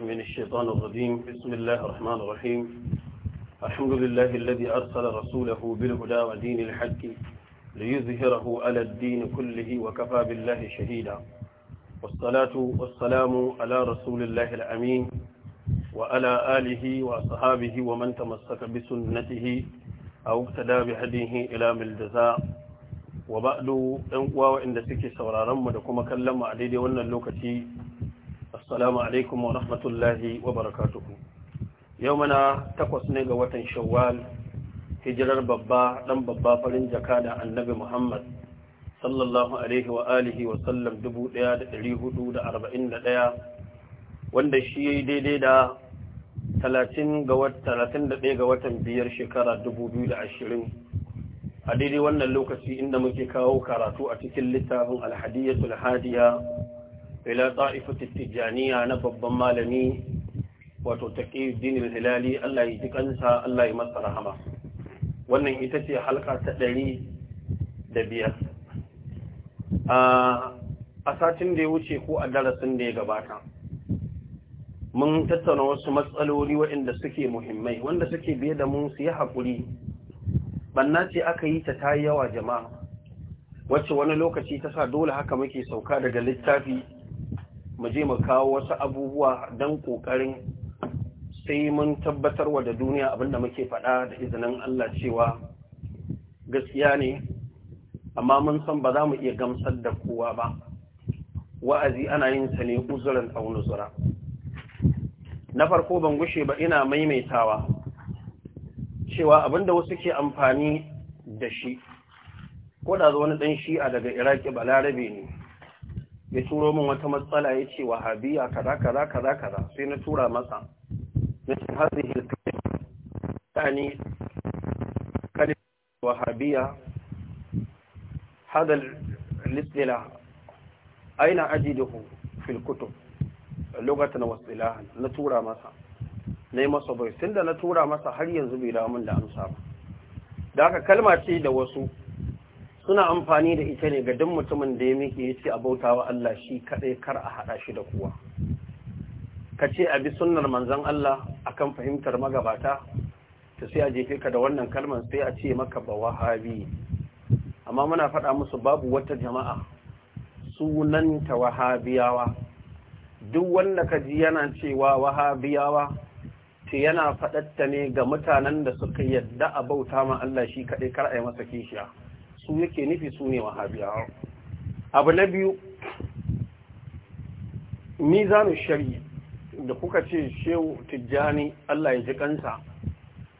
من الشيطان الرجيم بسم الله الرحمن الرحيم الحمد لله الذي أرسل رسوله بالهدى ودين الحق ليظهره على الدين كله وكفى بالله شهيدا والصلاة والسلام على رسول الله الأمين وعلى آله وأصحابه ومن تمسك بسنته أو اقتدى بهديه إلى الجزاء وبعد أنقوى وإن سكي سورارم ودكما كلم عليه ولن اللوكتي السلام عليكم ورحمة الله وبركاته يومنا تقوسنا قوة شوال هجر ببا لم ببا فلن جكاد النبي محمد صلى الله عليه وآله وسلم دبو ديا دليه دود أربعين ديا وند الشيء دي دي دا talatin ga talatin da ɗaya ga watan biyar shekara dubu biyu da ashirin a daidai wannan lokaci inda muke kawo karatu a cikin littafin alhadiyatul hadiya ila ta'ifatu tijaniya na babban malami wato taqi din al-hilali Allah ya ji Allah ya masa rahama wannan ita ce halka ta ɗari da biyar a satin da ya wuce ko a darasin da ya gabata mun tattauna wasu matsaloli waɗanda suke muhimmai wanda suke biye da mun su yi haƙuri banna ce aka yi ta tayi yawa jama'a wacce wani lokaci ta sa dole haka muke sauka daga littafi mu je mu kawo wasu abubuwa don ƙoƙarin sai mun tabbatar wa da duniya abinda muke faɗa da izinin Allah cewa gaskiya ne amma mun san ba za mu iya gamsar da kowa ba wa'azi ana yin sa ne uzuran wani na farko ban gushe ba ina maimaitawa cewa abinda wasu ke amfani da shi ko da wani ɗan shi'a daga iraki balarabe ne ya turo min wata matsala ya ce wahabiya kaza kaza kaza kaza sai na tura masa na ce hazihi alkalim yani kalim wahabiya hada al-istila aina ajiduhu fil kutub lugatan wasu istilahan na tura masa Na nayi masa bai da na tura masa har yanzu bai dawo min da amsa ba da aka kalma ce da wasu suna amfani da ita ne ga duk mutumin da ya miki yace bautawa Allah shi kaɗai kar a haɗa shi da kowa kace a bi sunnar manzon Allah akan fahimtar magabata to sai a jefe ka da wannan kalmar sai a ce maka ba wahabi amma muna faɗa musu babu wata jama'a sunanta wahabiyawa duk wanda ka ji yana cewa wahabiyawa ce yana faɗatta ne ga mutanen da suka yadda a bauta ma Allah shi kaɗai kar a yi masa kishiya su yake nufi su ne wahabiyawa abu na biyu mizanu shari. da kuka ce shehu tijjani Allah ya ji kansa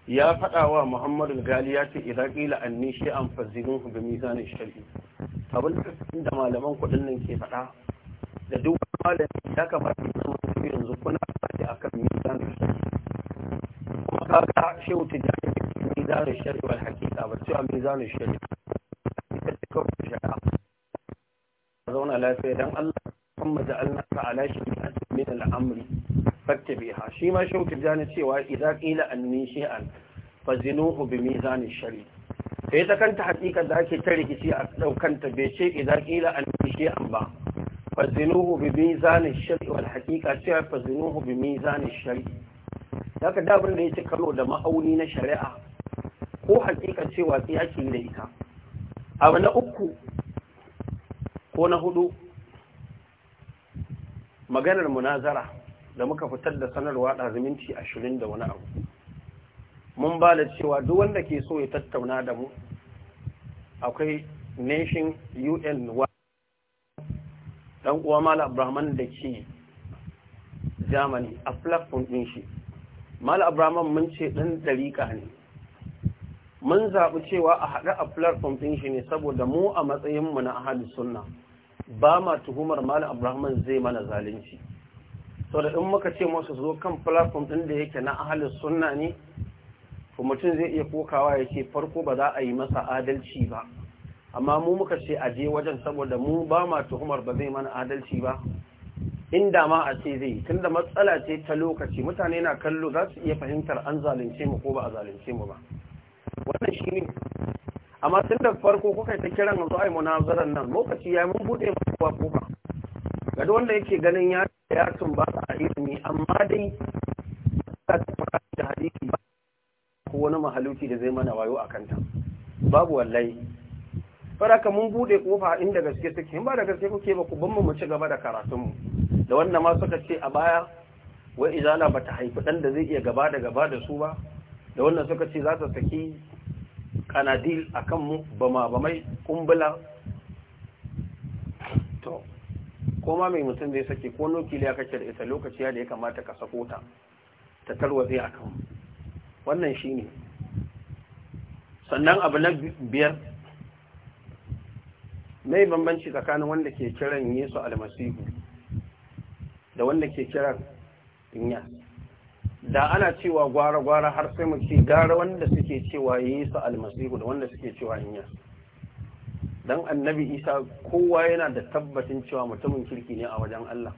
ya faɗa wa muhammadu gali ya ce idan ƙila an nishi an ku ga mizanin shari'i abin da malaman kuɗin nan ke faɗa da duk malamin ya kamata ya zama su yanzu kuna faɗi a kan mizanin shari'i kuma kaga shehu tijjani mizanin shari'i wal hakika ba cewa mizanin shari'i da suka wuce shari'a zauna lafiya dan Allah kan maja'alna ka ala shi min al'amri fattabiha shi ma shauki jani cewa idza qila anni shay'an fazinuhu bi mizan ash-shari sai ta kanta hakika da ake ta rikici a daukanta bai ce idza qila anni shay'an ba fazinuhu bi mizan ash-shari wal haqiqa cewa fazinuhu bi mizan ash-shari haka da abin da yake kallo da ma'auni na shari'a ko hakika cewa sai ake yi da ita abu na uku ko na hudu maganar munazara da muka fitar da sanarwa zuminci ashirin da wani abu mun ba da cewa duk wanda ke so ya tattauna da mu akwai nation un dan uwa mala abrahman da ke germany a platform din shi mala abrahman mun ce ɗan ɗariƙa ne mun zaɓi cewa a haɗu a platform ɗin shi ne saboda mu a matsayinmu na ahalin sunna ba ma tuhumar malam abrahman zai mana zalunci sau da in muka ce masu zo kan platform ɗin da yake na ahalin sunna ne to mutum zai iya kokawa ya ce farko ba za a yi masa adalci ba amma mu muka ce a je wajen saboda mu ba ma tuhumar ba zai mana adalci ba inda ma a ce zai tunda matsala ce ta lokaci mutane na kallo za su iya fahimtar an zalunce mu ko ba a zalunce mu ba wannan shi ne amma tun da farko kuka ta kiran zuwa ai munazarar nan lokaci ya mun bude masa kuwa ga duk wanda yake ganin ya ya ba a ilimi amma dai ta tabbata da hadisi ba ko wani mahaluki da zai mana wayo a kanta babu wallahi ka mun bude kofa inda gaske take in ba da gaske kuke ba ku ban mu ci gaba da karatunmu da wanda ma suka ce a baya wai izala ta haifi dan da zai iya gaba da gaba da su ba da wanda suka ce za ta saki kanadil a kanmu ba mai kumbula to koma mai mutum zai sake ko ya kake da ita lokaci da ya kamata ka sako ta ta tarwatse a kanmu wannan shi ne sannan abu na biyar mai bambanci tsakanin wanda ke kiran yesu almasihu da wanda ke kiran inyas da ana cewa gwara-gwara har sai mu ce gara wanda suke cewa yesu almasihu da wanda suke cewa inya Don annabi isa kowa yana da tabbacin cewa mutumin kirki ne a wajen allah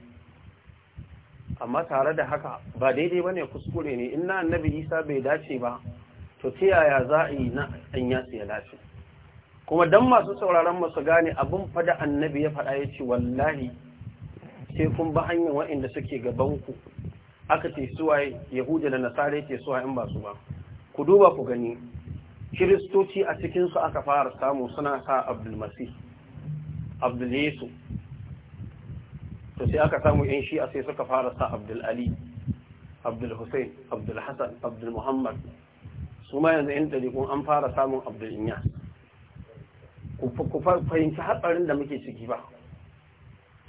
amma tare da haka ba daidai ba ne kuskure ne in na annabi isa bai dace ba to ta yaya za a yi na an yasu ya dace kuma don masu sauraron masu gane abin fada annabi ya faɗa ya ce wallahi sai kun ba hanyar waɗanda suke gabanku aka ce suwaye yahuda da nasara yake suwa in ba su ba ku duba ku gani kiristoci a cikinsu aka fara samu suna sa abdulmasih abdulyesu to sai aka samu yan shi a sai suka fara sa abdulali abdulhussein abdulhassan abdulmuhammad su ma yanzu yan kun an fara samun abdulinya ku fahimci hatsarin da muke ciki ba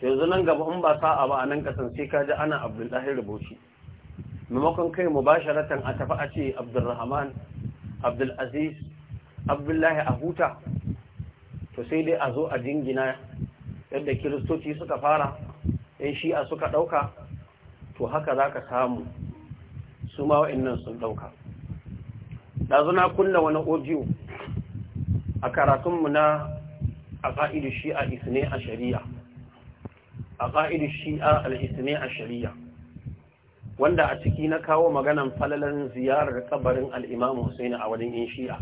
yanzu nan gaba in ba sa'a ba a nan kasan sai ka ana abdullahi rubuci maimakon kai mu ba sharatan a tafi a ce abdulrahman abdulaziz abdullahi a huta to sai dai a zo a jingina yadda kiristoci suka fara yan shi'a suka ɗauka to haka za ka samu su ma wa'innan sun ɗauka na kunna wani ojiyo a karatunmu na a ƙa'idu shi'a isne a shari'a a ƙa'idu shi'a al'isne a shari'a wanda a ciki na kawo maganan falalan ziyarar kabarin al'imamu Hussein a wajen shi'a.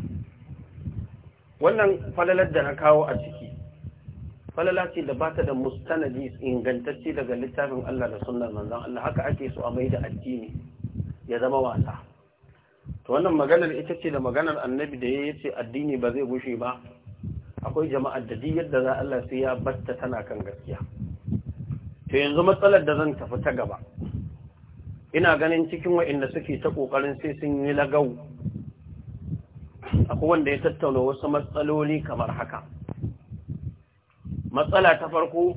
Wannan falalar da na kawo a ciki, falala ce da bata da mustanadi ingantacce daga littafin Allah da sunan manzan Allah haka ake so a mai da addini ya zama wasa. To wannan maganar ita ce da maganar annabi da ya ce addini ba zai bushe ba, akwai jama'ar da duk yadda za Allah sai ya batta tana kan gaskiya. To yanzu matsalar da zan tafi ta gaba. ina ganin cikin waɗanda suke ta ƙoƙarin sai sun yi lagau akwai wanda ya tattauna wasu matsaloli kamar haka matsala ta farko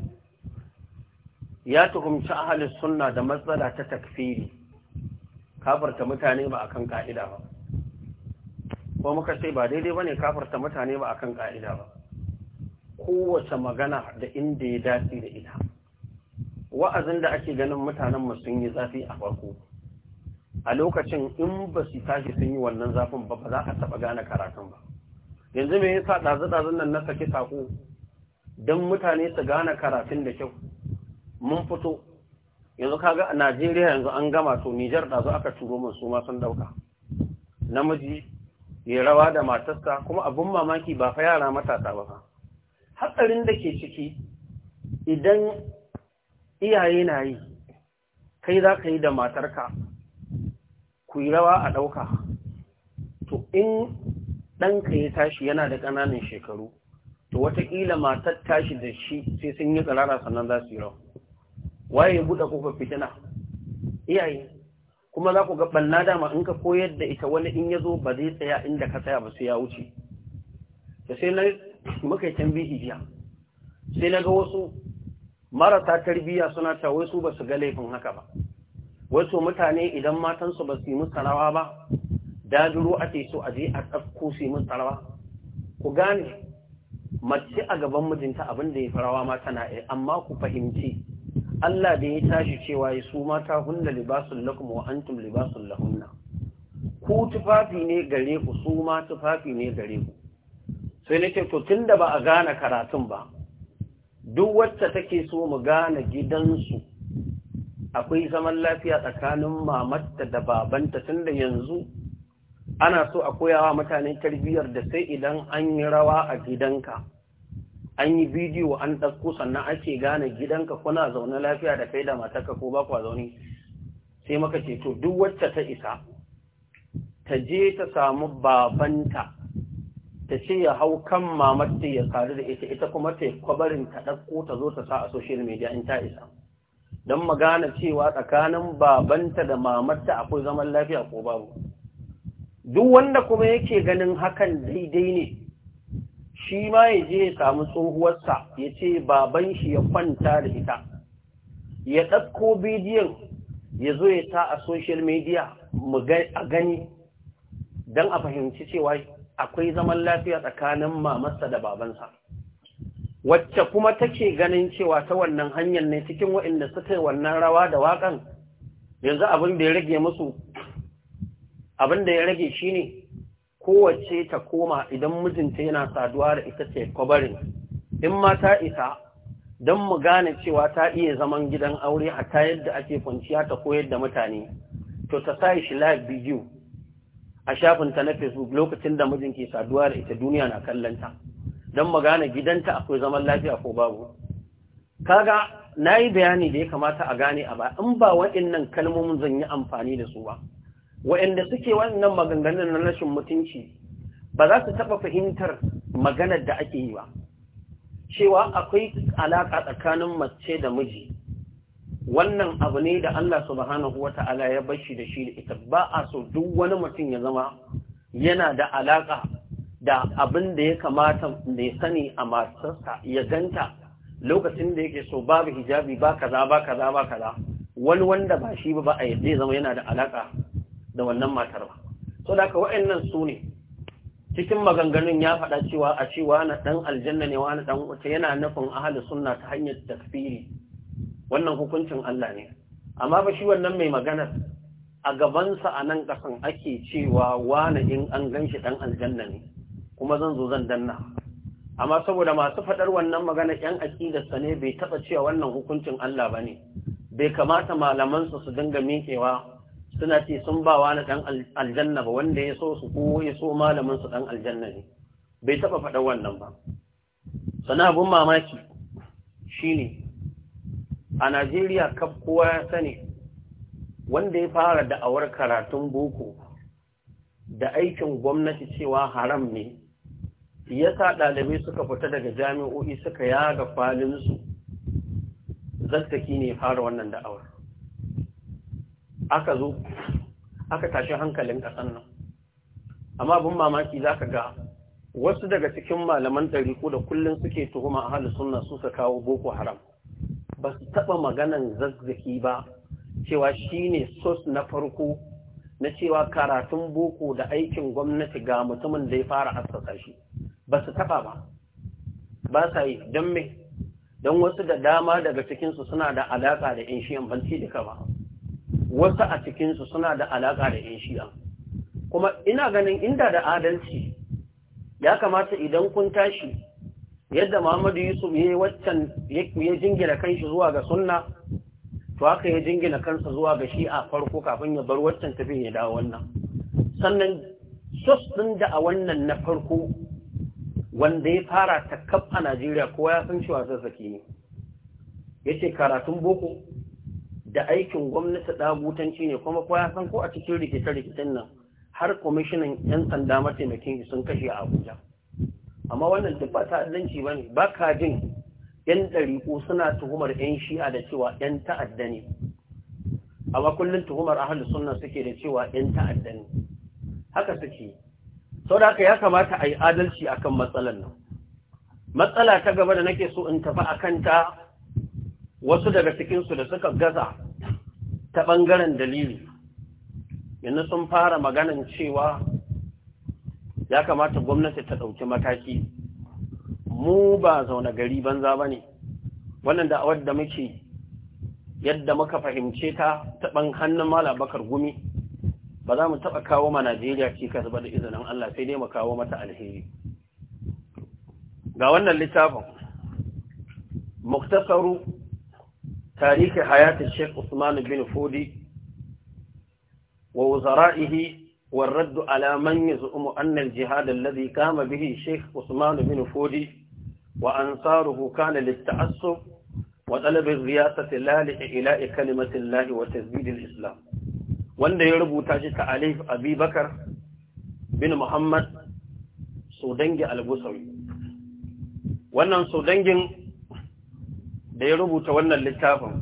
ya tuhumci ahalin sunna da matsala ta takfiri kafarta mutane ba akan ka'ida ba ko muka ce ba daidai bane kafarta mutane ba akan ka'ida ba kowace magana da inda ya dace da ita wa'azin da ake ganin mutanen mu sun yi zafi a farko a lokacin in ba su tashi sun yi wannan zafin ba ba za a taɓa gane karatun ba yanzu me yasa ɗazu-ɗazun nan na saki sako don mutane su gane karatun da kyau mun fito yanzu kaga a najeriya yanzu an gama to nijar ɗazu aka turo mun su ma sun ɗauka namiji ya rawa da matarsa kuma abin mamaki ba fa yara matasa ba fa hatsarin da ke ciki idan iyaye na yi kai za ka yi da matarka ku yi rawa a ɗauka to in ɗanka ya tashi yana da ƙananan shekaru to watakila matar tashi da shi sai sun yi tsarara sannan za su yi rawa waye buɗe kofar fitina iyaye kuma za ku ga ɓanna dama in ka koyar da ita wani in ya zo ba zai tsaya inda ka tsaya ba sai ya wuce da sai na jiya sai na ga wasu marasa tarbiya suna ta wai su ba ga laifin haka ba wai su mutane idan matansu ba su yi musu rawa ba dajiro ake so a je a tsakko su yi musu ku gane mace a gaban mijinta abin da ya farawa ma tana yi amma ku fahimci Allah da ya tashi cewa ya su mata hunna libasun lakum wa antum libasun lahunna ku tufafi ne gare ku su ma tufafi ne gare ku sai nake to tunda ba a gane karatun ba duk wacce take so mu gane gidansu akwai zaman lafiya tsakanin mamatta da babanta tunda yanzu ana so a koyawa mutane tarbiyyar da sai idan an yi rawa a gidanka an yi bidiyo an ɗauko sannan ake gane gidanka kuna zaune lafiya da kai da matarka ko ba kwa zaune sai maka ce to duk wacce ta isa ta je ta samu babanta ta ce ya hau kan mamarta ya sadu da ita ita kuma ta kwabarin ta ɗauko ta zo ta sa a social media in ta isa don magana cewa tsakanin babanta da mamatta akwai zaman lafiya ko babu duk wanda kuma yake ganin hakan daidai ne shi ma ya je ya samu tsohuwarsa ya ce baban shi ya kwanta da ita ya ɗauko bidiyon ya zo ya ta a social media a gani don a fahimci cewa akwai zaman lafiya tsakanin mamarsa da babansa wacce kuma take ganin cewa ta wannan hanyar ne cikin waɗanda suka yi wannan rawa da waƙan yanzu abin da ya rage musu abin da ya rage shine kowace ta koma idan mijinta yana saduwa da ita ce kwabarin in ma ta isa don mu gane cewa ta iya zaman gidan aure a ta yadda ake kwanciya ta koyar da mutane to ta sa shi live video a shafin ta na facebook lokacin da mijin ke saduwa da ita duniya na kallanta don magana gidanta akwai zaman lafiya ko babu kaga na yi bayani da ya kamata a gane a ba in ba waɗannan kalmomin zan yi amfani da su ba wa'inda suke wannan maganganun na rashin mutunci ba za su taɓa fahimtar maganar da ake yi ba cewa akwai alaƙa tsakanin mace da miji wannan abu ne da Allah subhanahu wa ta'ala ya bashi da shi da ita ba a so duk wani mutum ya zama yana da alaƙa da abin da ya kamata mai sani a matarsa ya ganta lokacin da yake so babu hijabi ba kaza ba kaza ba kaza wani wanda ba shi ba ba a yadda zama yana da alaƙa da wannan matar ba so da ka wa'annan su ne cikin maganganun ya faɗa cewa a cewa na ɗan aljanna ne na ɗan wuta yana nufin ahalin sunna ta hanyar tafsiri wannan hukuncin Allah ne amma ba shi wannan mai maganar a gabansa a nan ƙasan ake cewa wane in an ganshi ɗan aljanna ne kuma zan zo zan danna amma saboda masu faɗar wannan magana ‘yan aƙidarsa ne bai taɓa cewa wannan hukuncin Allah ba ne bai kamata malamansa su dinga miƙewa suna ce sun ba wani ɗan aljanna ba wanda ya so su ko ya so malaminsu dan aljanna ne bai taɓa faɗar wannan ba sana abin mamaki shi ne a najeriya kaf kowa ya sani wanda ya fara da'awar karatun boko da aikin gwamnati cewa haram ne ya sa ɗalibai suka fita daga jami'o'i suka yaga falinsu zattaki ne fara wannan da'awar aka zo aka tashi hankalin ƙasan nan amma bin mamaki za ka ga wasu daga cikin malaman ɗari ko da kullum suke tuhuma a halin sunna su kawo boko haram ba su taɓa maganan zazzaki ba cewa shi ne sos na farko na cewa karatun boko da aikin gwamnati ga mutumin da ya fara assasa shi ba su taɓa ba ba sa yi don me don wasu da dama daga cikinsu suna da alaƙa da yan shiyan ban ci duka ba wasu a cikinsu suna da alaƙa da yan shiyan kuma ina ganin inda da adalci ya kamata idan kun tashi yadda Muhammadu Yusuf ya waccan ya jingina kanshi zuwa ga sunna to haka ya jingina kansa zuwa ga shi a farko kafin ya bar waccan tafiya ya dawo wannan sannan sos din da a wannan na farko wanda ya fara ta kaf a Najeriya kowa ya san cewa saki ne yace karatun boko da aikin gwamnati dagutanci ne kuma kowa ya san ko a cikin rikice-rikicen nan har kwamishinan 'yan sanda mataimakin sun kashe a Abuja. amma wannan ta ta'addanci ba ne ba ka jin ‘yan ɗariƙo suna tuhumar ‘yan shi'a da cewa ‘yan ta'adda ne amma kullum tuhumar ahalus suna suke da cewa ‘yan ta'adda ne haka suke sau da haka ya kamata a yi adalci akan matsalar nan matsala ta gaba da nake so in tafi a kanta wasu daga cikinsu da suka gaza ta ɓangaren dalili yanzu sun fara maganan cewa ya kamata gwamnati ta ɗauki mataki mu ba zaune gari banza ba ne wannan da'awar da muke yadda muka fahimce ta taɓan hannun mala bakar gumi ba za mu taɓa kawo ma najeriya cikas ba da izinin allah sai dai mu kawo mata alheri ga wannan littafin muktasaru tarihi hayatin sheikh usman bin fodi wa wuzara'ihi والرد على من يزعم أن الجهاد الذي قام به شيخ عثمان بن فودي وأنصاره كان للتعصب وطلب الرياسة لا لإلاء كلمة الله وتزديد الإسلام wanda ya rubuta shi ta Alif Abubakar bin Muhammad Sudangi Al-Busawi wannan Sudangin da ya rubuta wannan littafin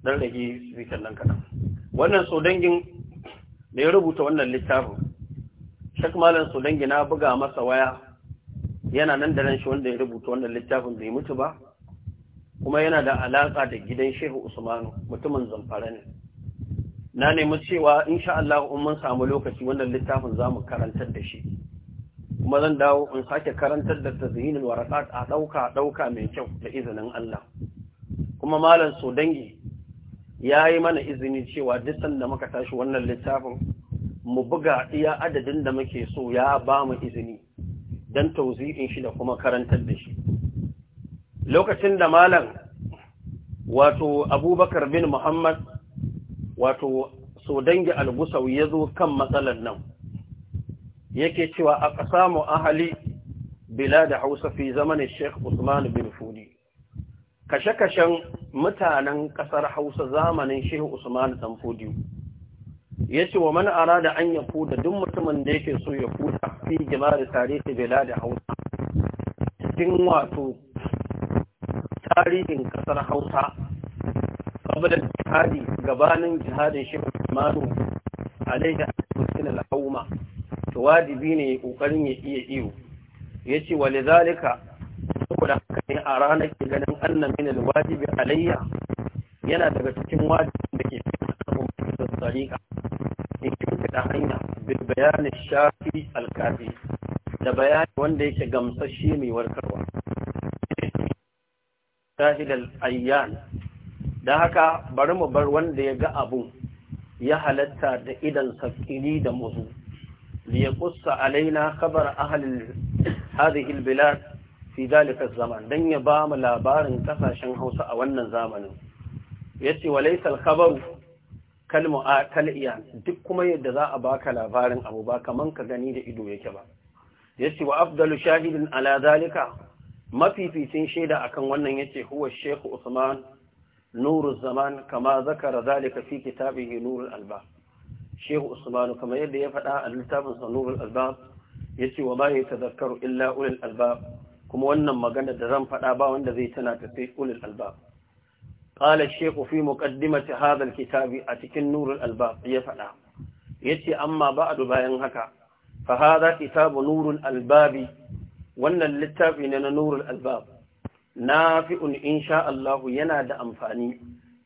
dan rage bitan da ya rubuta wannan littafin shek malam sudangi na buga masa waya yana nan da nan shi wanda ya rubuta wannan littafin bai mutu ba kuma yana da alaka da gidan shehu usmanu mutumin zamfara ne na nemi cewa insha Allah in mun samu lokaci wannan littafin za mu karantar da shi kuma zan dawo in sake karantar da tazinin warakat a ɗauka ɗauka mai kyau da izinin Allah kuma malam Su dangi ya yi mana izini cewa duk sanda muka tashi wannan littafin mu buga iya adadin da muke so ya ba mu izini don tauzi'in shi da kuma karantar da shi lokacin da malam wato abubakar bin muhammad wato so dangi algusau ya zo kan matsalar nan yake cewa a ƙasa mu ahali bila da hausa fi zamanin sheikh usman bin fudi kashe-kashen mutanen ƙasar Hausa zamanin Shehu Usman Danfodiyo yace wa man arada an yafuda duk mutumin da yake so ya fuda fi jimar tarihi biladi Hausa cikin wato tarihin ƙasar Hausa qabla jihadi gabanin jihadin Shehu Usman alaihi al hauma to wajibi ne kokarin ya iya iyo yace walidhalika saboda da a ranar anna min alwajibi alayya yana daga cikin wajibin da ke da tsarika in kyautata hanya bil bayanin shafi alkafi da bayani wanda yake gamsashe mai warkarwa shahidal ayyan da haka bari mu bar wanda ya ga abun ya halatta da idan sakili da muzu li yaqussa alaina khabar ahli hadhihi albilad fi dalika zaman dan ya ba mu labarin kasashen Hausa a wannan zamanin yace wa al-khabaru kalmu a kal'iya duk kuma yadda za a baka labarin abu ba kaman ka gani da ido yake ba yace wa afdalu shahidin ala dalika mafificin shaida akan wannan yace huwa Sheikh Usman Nuru Zaman kama zakara dalika fi kitabihi Nurul alba. Sheikh Usman kama yadda ya faɗa a littafin sa alba ya ce wa ma yatadhakkaru illa ulul albab kuma wannan magana da zan faɗa ba wanda zai tana tafi sai albab ƙala ash fi muqaddimati hadha al kitabi a cikin nurul albab ya faɗa yace amma ba'du bayan haka fa hadha kitabu nurul albab wannan littafi ne na nurul albab in sha Allah yana da amfani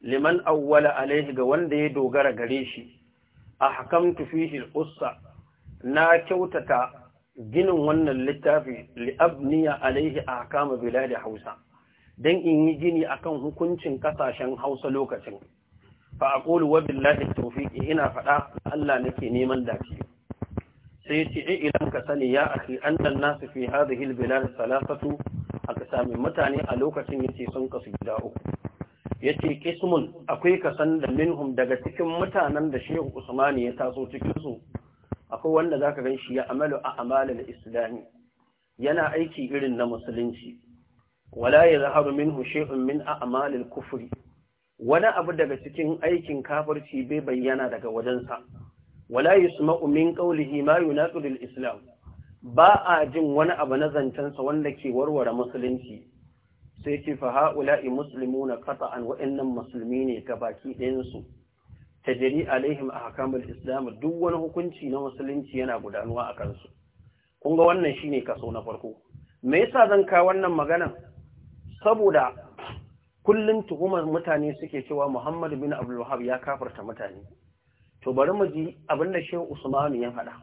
liman awwala alaihi ga wanda ya dogara gare shi ahkamtu fihi shi ussa na kyautata ginin wannan littafi li'abniya alaihi a kama biladi hausa don in yi gini akan hukuncin kasashen hausa lokacin fa a ƙoli wa billahi tofiki ina faɗa Allah nake neman dafi sai ya ce ilan ka sani ya aki an nan nasu fi hada hilbilar salasatu a sami mutane a lokacin ya ce sun kasu gida uku ya ce kismun akwai kasan da minhum daga cikin mutanen da shehu usmani ya taso cikinsu akwai wanda zaka gan shi ya amalu a amalin islami yana aiki irin na musulunci wala ya zaharu minhu shay'un min kufri wani abu daga cikin aikin kafirci bai bayyana daga wajensa wala yusma'u min qawlihi ma yunaqidu islam ba a jin wani abu na zancensa wanda ke warware musulunci sai ce fa ha'ula'i muslimuna qata'an wa'annan musulmi ne ga baki ɗayansu Tajiri alaihim ahkamul islam duk wani hukunci na musulunci yana gudanuwa a kansu kun ga wannan shine kaso na farko me yasa zan ka wannan magana saboda kullun tuhumar mutane suke cewa Muhammad bin Abdul Wahhab ya kafarta mutane to bari mu ji abin da Shehu Usman ya faɗa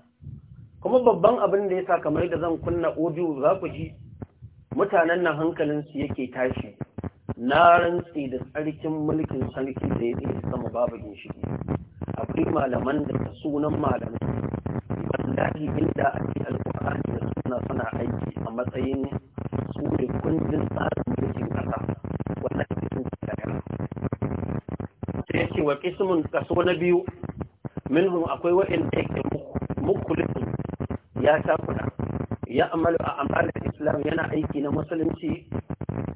kuma babban abin da yasa kamar da zan kunna audio za ku ji mutanen nan su yake tashi na rantsi da tsarkin mulkin sarki da ya tsaye sama babu ginshiki akwai malaman da ta sunan malamai wallahi inda a ce alƙur'ani da suna suna aiki a matsayin su da kundin tsarin mulkin ƙasa wallahi sun tsaya sai ce wa kismin kaso na biyu minhum akwai da yake mukulisun ya takuda ya amalu a amalin islam yana aiki na musulunci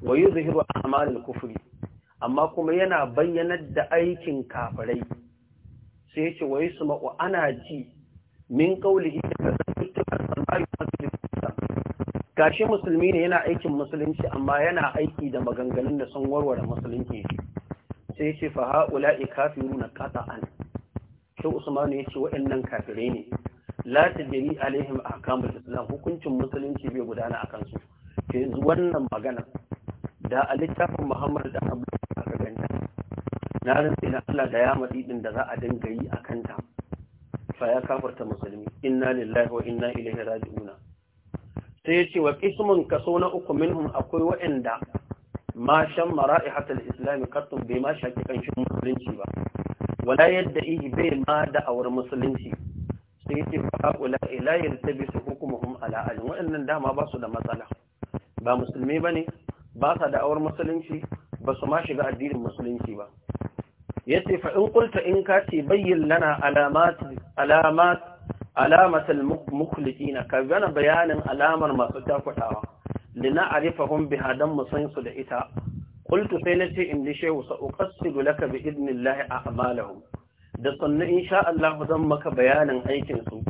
wa yuzhiru a'malul kufri amma kuma yana bayyanar da aikin kafirai sai yace wa yusma'u ana ji min qawlihi gashi musulmi ne yana aikin musulunci amma yana aiki da maganganun da sun warware musulunci sai yace fa na kafiruna qata'an sai Usman yace wa'annan kafirai ne la tajri alaihim ahkamul islam hukuncin musulunci bai gudana akan su yanzu wannan magana da a littafin muhammadu da abu aka ganta na rantsi na Allah da ya matsi din da za a dinga yi a kanta fa ya kafarta musulmi inna lillahi wa inna ilaihi raji'una sai yace wa qismun kaso na uku minhum akwai waɗanda ma shan mara'ihatul islam kattun bai ma shaki kanshin musulunci ba wala yadda ihi bai ma awar musulunci sai yace fa haula la yaltabisu hukumuhum ala al wa'annan dama ba su da matsala ba musulmi bane ba sa da'awar musulunci ba su ma shiga addinin musulunci ba yace ce in qulta in ka ce bayyan lana alamat alamat na. ka gana bayanin alamar masu takwatawa lina arifahum biha dan musan su da ita ƙultu sai nace in li shehu sa uqassidu laka bi a a'malahum da sannu sha Allah zan maka bayanin aikin su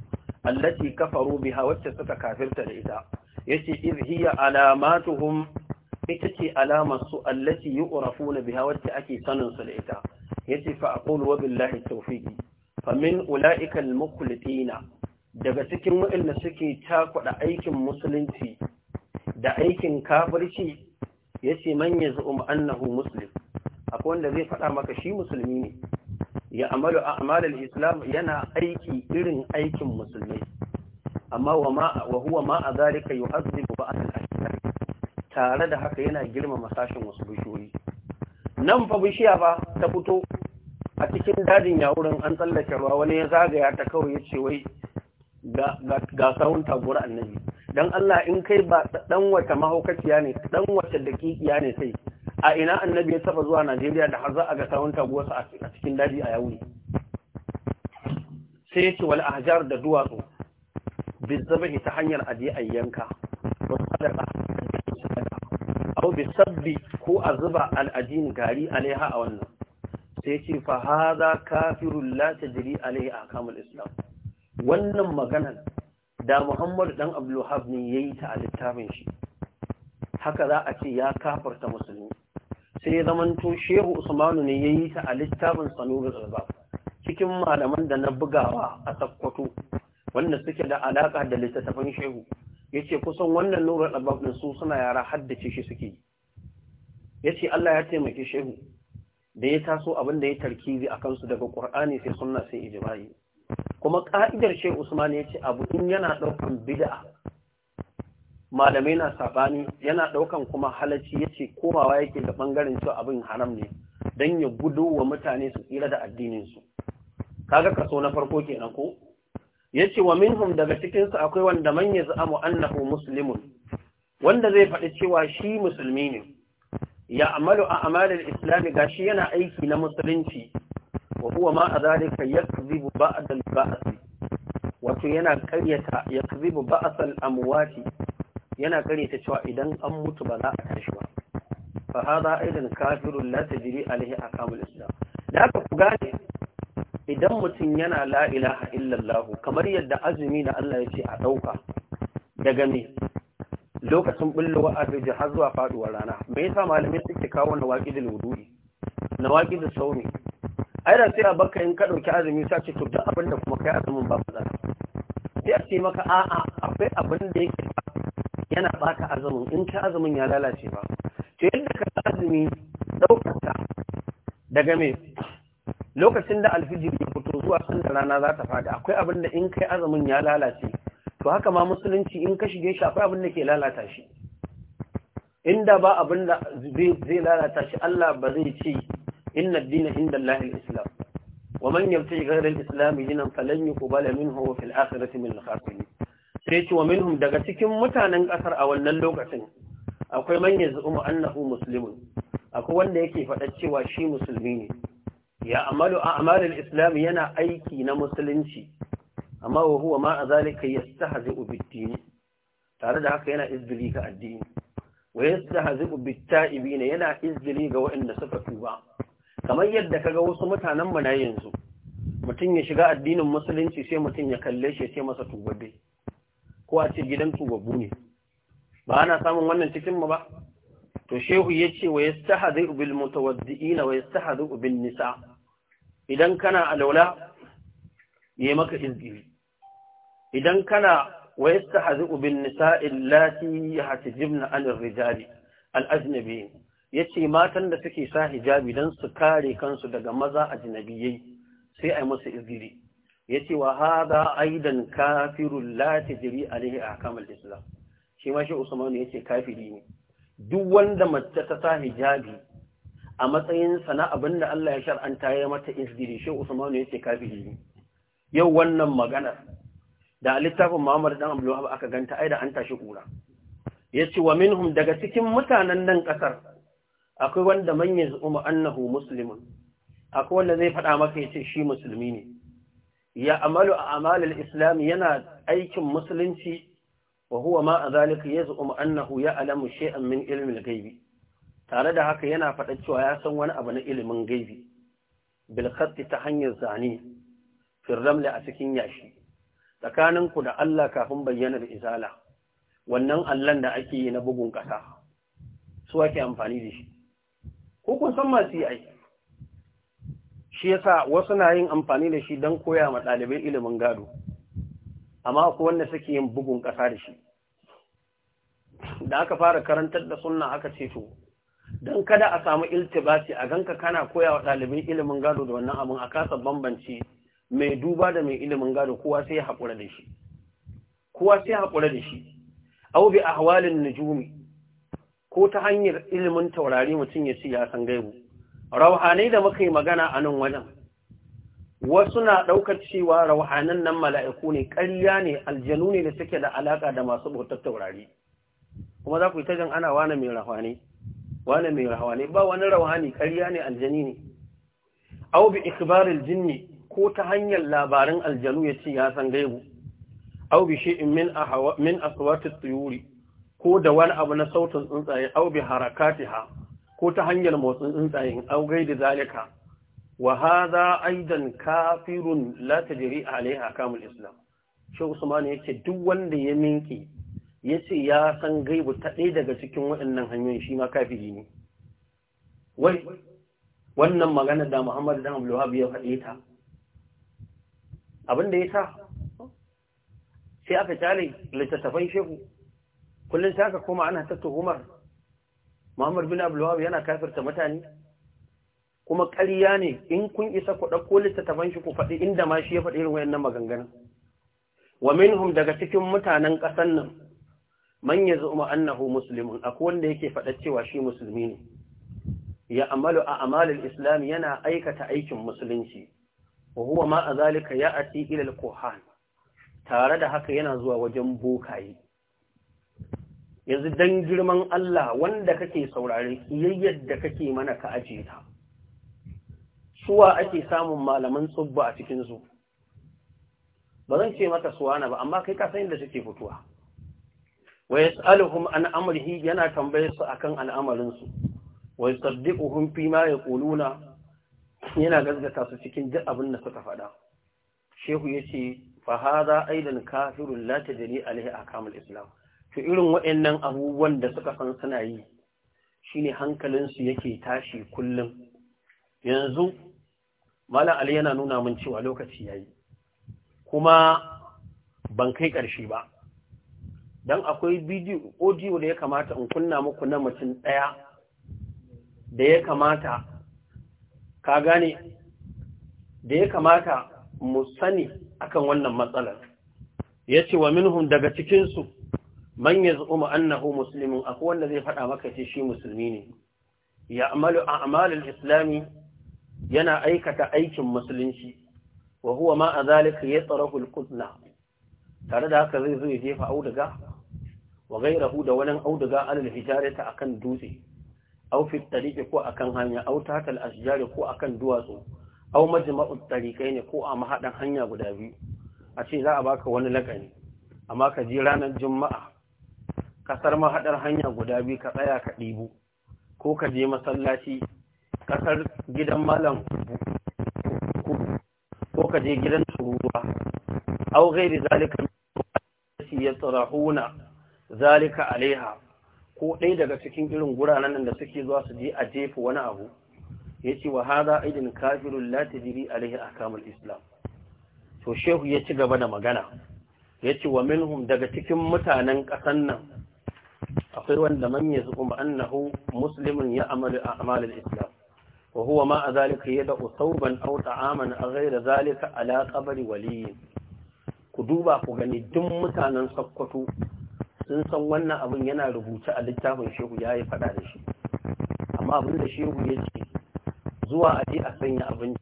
allati kafaru biha wacce suka kafirta da ita yace iz hiya alamatuhum ita ce alamar su allati yu'rafuna biha wacce ake sanin su da ita yace fa aqulu wa billahi tawfiqi famin ula'ika al-mukhlitina daga cikin waɗanda suke takwada aikin musulunci da aikin kafirci yace man yaz'um annahu muslim akwai wanda zai faɗa maka shi musulmi ne ya amalu a'mal al-islam yana aiki irin aikin musulmai amma wa ma wa huwa ma azalika yu'azzibu ba'd al tare da haka yana girmama sashen wasu bishiyoyi nan fa bishiya ba ta fito a cikin dajin yawurin an tsallake ruwa wani ya zagaya ta kawai ya ce wai ga sahun taguwar annabi don Allah in kai ba dan wata mahaukaciya ne dan wata dakikiya ne sai a ina annabi ya saba zuwa Najeriya da har za a ga sahun taguwarsa a cikin daji a yawuri sai ya ce wal ahjar da duwatsu bizzabahi ta hanyar aje ayyanka wasu da aw bi sabbi ko a zuba al'ajin gari alaiha a wannan sai ce fa hadha kafirul la tajri alaihi ahkamul islam wannan maganar da Muhammad dan Abdul Wahhab ne yayi ta a littafin shi haka za a ce ya kafarta musulmi sai zamanto Shehu Usmanu ne yayi ta a littafin Sanurul Albab cikin malaman da na bugawa a Sakkwato wanda suke da alaka da littattafan Shehu yace kusan wannan nurar albab din su suna yara haddace shi suke Ya yace Allah ya taimake shehu da ya taso abin da ya tarkizi a kansu daga Qur'ani sai sunna sai ijma'i kuma ka'idar shehu Usman ce abu in yana daukan bid'a malamai na saɓani, yana ɗaukan kuma halacci yace komawa yake da bangaren cewa abin haram ne dan ya gudu wa mutane su tsira da addinin su kaga kaso na farko kenan ko yace wa minhum daga cikin akwai wanda man yaz'amu annahu muslimun wanda zai faɗi cewa shi musulmi ne ya amalu a amalin islami gashi yana aiki na musulunci wa huwa ma a zalika yakzibu ba'dal ba'si wato yana ƙaryata yakzibu ba'sal Amuwati. yana karyata cewa idan an mutu ba za a tashi ba fa hada aidan kafirun la tajri alaihi akamul islam da ka ku gane idan mutum yana la ilaha illallah kamar yadda azumi da Allah ya ce a ɗauka daga ne lokacin bullowa arziki har zuwa faduwar rana me yasa malamai suke kawo nawaqidul wudu'i nawaqidul sawmi ai da sai a baka in ka dauki azumi sai ce to duk abin da kuma kai azumin ba fada sai a ce maka a'a akwai abin da yake yana baka azumin in ka azumin ya lalace ba to yadda ka azumi daukar daga me lokacin da alfijir ya fito zuwa sanda rana za ta faɗi akwai abin da in kai azumin ya lalace to haka ma musulunci in ka shige shi akwai abin da ke lalata shi inda ba abin da zai lalata shi Allah ba zai ce inna ad-dina inda Allah al-islam wa man yabtaji ghayra al-islam dinan falan yuqbala minhu wa fil akhirati min al sai ce wa minhum daga cikin mutanen kasar a wannan lokacin akwai man yaz'umu annahu muslimun akwai wanda yake faɗa cewa shi musulmi ne ya amalu a'malul islam yana aiki na musulunci amma wa huwa ma a yastahzi'u ya din tare da haka yana izdili ga addini wa yastahzi'u bit-ta'ibin yana izdili ga waɗanda suka tuba kamar yadda kaga wasu mutanen mu na yanzu mutum ya shiga addinin musulunci sai mutum ya kalle shi sai masa tubabbe ko a ce gidan tubabbu ne ba ana samun wannan cikin mu ba to shehu yace wa yastahzi'u bil mutawaddi'ina wa yastahzi'u bin nisa' idan kana alaula ya maka izgiri idan kana wa yastahzi'u bin nisa'i allati yahtajibna 'ala ar-rijali al-ajnabi yace matan da suke sa hijabi dan su kare kansu daga maza ajnabiyai sai yi musu izgiri yace wa hada aidan kafirul la tajri alaihi ahkamul islam shi ma shi usman yace kafiri ne duk wanda mace ta sa hijabi a matsayin sana abin da Allah ya shar'anta ya mata isgiri shi Usmanu yace kafiri ne yau wannan magana da littafin Muhammad dan Abdul Wahab aka ganta ai da an tashi kura yace wa minhum daga cikin mutanen nan kasar akwai wanda man yaz'umu annahu muslimun akwai wanda zai faɗa maka yace shi musulmi ne ya amalu a amalil islam yana aikin musulunci wa huwa ma a zalika yaz'umu annahu ya'lamu shay'an min ilmi al-ghaibi tare da haka yana faɗa cewa ya san wani abu na ilimin gaibi bilkhatti ta hanyar zane firramle a cikin yashi tsakaninku da Allah kafin bayyanar izala wannan allan da ake yi na bugun ƙasa su ake amfani da shi ko kun san masu yi aiki shi yasa wasu na yin amfani da shi don koya ma ɗalibai ilimin gado amma ko wanda suke yin bugun ƙasa da shi da aka fara karantar da sunna aka ce to don kada a samu iltibasi a ganka kana koya wa ɗalibai ilimin gado da wannan abin a kasa bambanci mai duba da mai ilimin gado kowa sai haƙura da shi kowa sai haƙura da shi au bi ahwalin nujumi ko ta hanyar ilimin taurari mutum ya ci ya san gaibu rauhanai da muka yi magana a nan wajen wasu na ɗaukar cewa rauhanan nan mala'iku ne ƙarya ne aljanu ne da suke da alaƙa da masu bautar taurari kuma za ku yi ta jan ana wani mai rauhanai wani mai rawa ne ba wani rawani karya ne aljani ne au bi jinni ko ta hanyar labarin aljanu ya ce ya san gaibu au bi shi'in min ahwa min aswati tuyuri ko da wani abu na sautin tsuntsaye au bi harakatiha ko ta hanyar motsin tsuntsayen au gaidi zalika wa hadha aidan kafirun la tajri alaiha kamul islam shi usman yake duk wanda ya minki ya ce ya san gaibu ta ɗaya daga cikin waɗannan hanyoyin shi ma kafiri ne wai wannan magana da muhammadu dan abdullahi ya faɗe ta abinda ya sa sai aka kyale littattafan shehu kullum sai aka koma ana ta tuhumar muhammadu bin abdullahi yana kafirta mutane kuma ƙarya ne in kun isa ku ɗauko littattafan shi ku faɗi inda ma shi ya faɗi irin wayannan maganganun wa minhum daga cikin mutanen ƙasar nan man ya zuma annahu muslimun akwai wanda yake faɗa cewa shi musulmi ne ya amalu a amalin islam yana aikata aikin musulunci wa huwa ma a zalika ya ati ilal kohan tare da haka yana zuwa wajen bokaye yanzu dan girman Allah wanda kake saurare kiyayyar da kake mana ka aje ta suwa ake samun malaman tsubba a cikin su ba zan ce maka suwana ba amma kai ka san da suke fituwa wa yas'aluhum an amrihi yana tambayar su akan al'amarin su wa yusaddiquhum fi ma yaquluna yana gazgata su cikin duk abin da suka faɗa shehu yace fa hadha aidan kafirun la tadri a ahkamul islam to irin waɗannan abubuwan da suka san suna yi shine hankalin su yake tashi kullum yanzu malam ali yana nuna min cewa lokaci yayi kuma ban kai ƙarshe ba don akwai bidiyo audio da ya kamata in kunna muku na mutum ɗaya da ya kamata ka gane da ya kamata mu sani akan wannan matsalar ya ce wa minhum daga cikinsu man ya zuɓi annahu musulmin akwai wanda zai faɗa maka ce shi musulmi ne ya amalu a amalin islami yana aikata aikin musulunci wa huwa ma a zalika ya tsarahul hulkutna tare da haka zai zo ya jefa auduga wa gairahu da wani auduga alal hijarata akan dutse aw fi tariqi ko akan hanya aw tatal asjari ko akan duwatsu aw majma'ut tariqaini ko a mahadan hanya guda biyu a ce za a baka wani lakani amma ka ji ranar juma'a kasar mahadar hanya guda biyu ka tsaya ka ɗibu ko ka je masallaci kasar gidan malam ko ka je gidan suruwa aw ghairi zalika yasrahuna zalika alaiha ko ɗaya daga cikin irin guranan da suke zuwa su je a jefa wani abu yace wa haza aidin la tajri alaihi ahkamul islam to shehu ya ci gaba da magana yace wa minhum daga cikin mutanen ƙasan nan akwai wanda man su kuma annahu muslimun ya amalu a islam wa huwa ma a zalika ya da usauban ta'aman a gaira zalika ala qabri waliyin ku duba ku gani duk mutanen sakkwato sun san wannan abin yana rubuce a littafin shehu ya yi faɗa da shi amma abin da shehu ya ce zuwa a je a sanya abin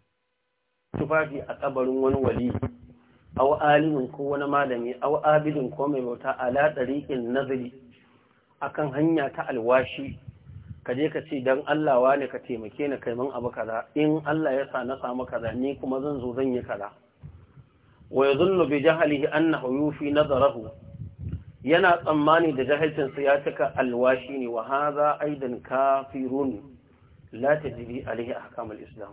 tufafi a kabarin wani wali aw alimin ko wani malami a abidin ko mai bauta ala tariqin nazari akan hanya ta alwashi ka je ka ce dan Allah wane ka taimake ni kai abu kaza in Allah ya sa na samu kaza ni kuma zan zo zan yi kaza wa yadhunnu bi jahlihi annahu yufi nadarahu yana tsammani da jahilcinsa ya cika alwashi ne wa haza aidan kafirun la tajri alaihi ahkam islam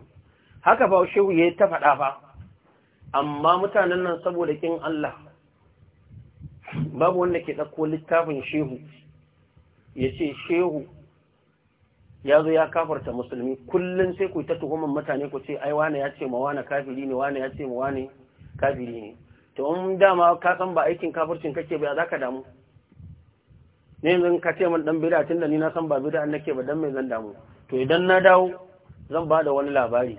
haka ba shehu yayi ta faɗa fa amma mutanen nan saboda kin Allah babu wanda ke dauko littafin shehu yace shehu ya zo ya kafarta musulmi kullum sai ku ta tuhumar mutane ku ce ai wane ya ce ma wane kafiri ne wane ya ce ma wane kafiri ne to dama ka san ba aikin kafircin kake ba za ka damu ne yanzu ka ce min dan bid'a tunda ni na san ba bid'a nake ba dan me zan damu to idan na dawo zan ba da wani labari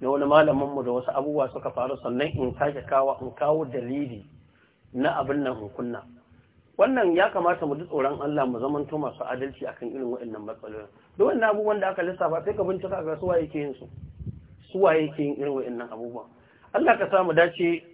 na wani malamin mu da wasu abubuwa suka faru sannan in sake kawo in kawo dalili na abin nan hukunna wannan ya kamata mu ji tsoron Allah mu zamanto masu adalci akan irin waɗannan matsalolin duk wannan abubuwan da aka lissafa sai ka bincika ga waye yake yin su waye yake yin irin waɗannan abubuwa Allah ka samu dace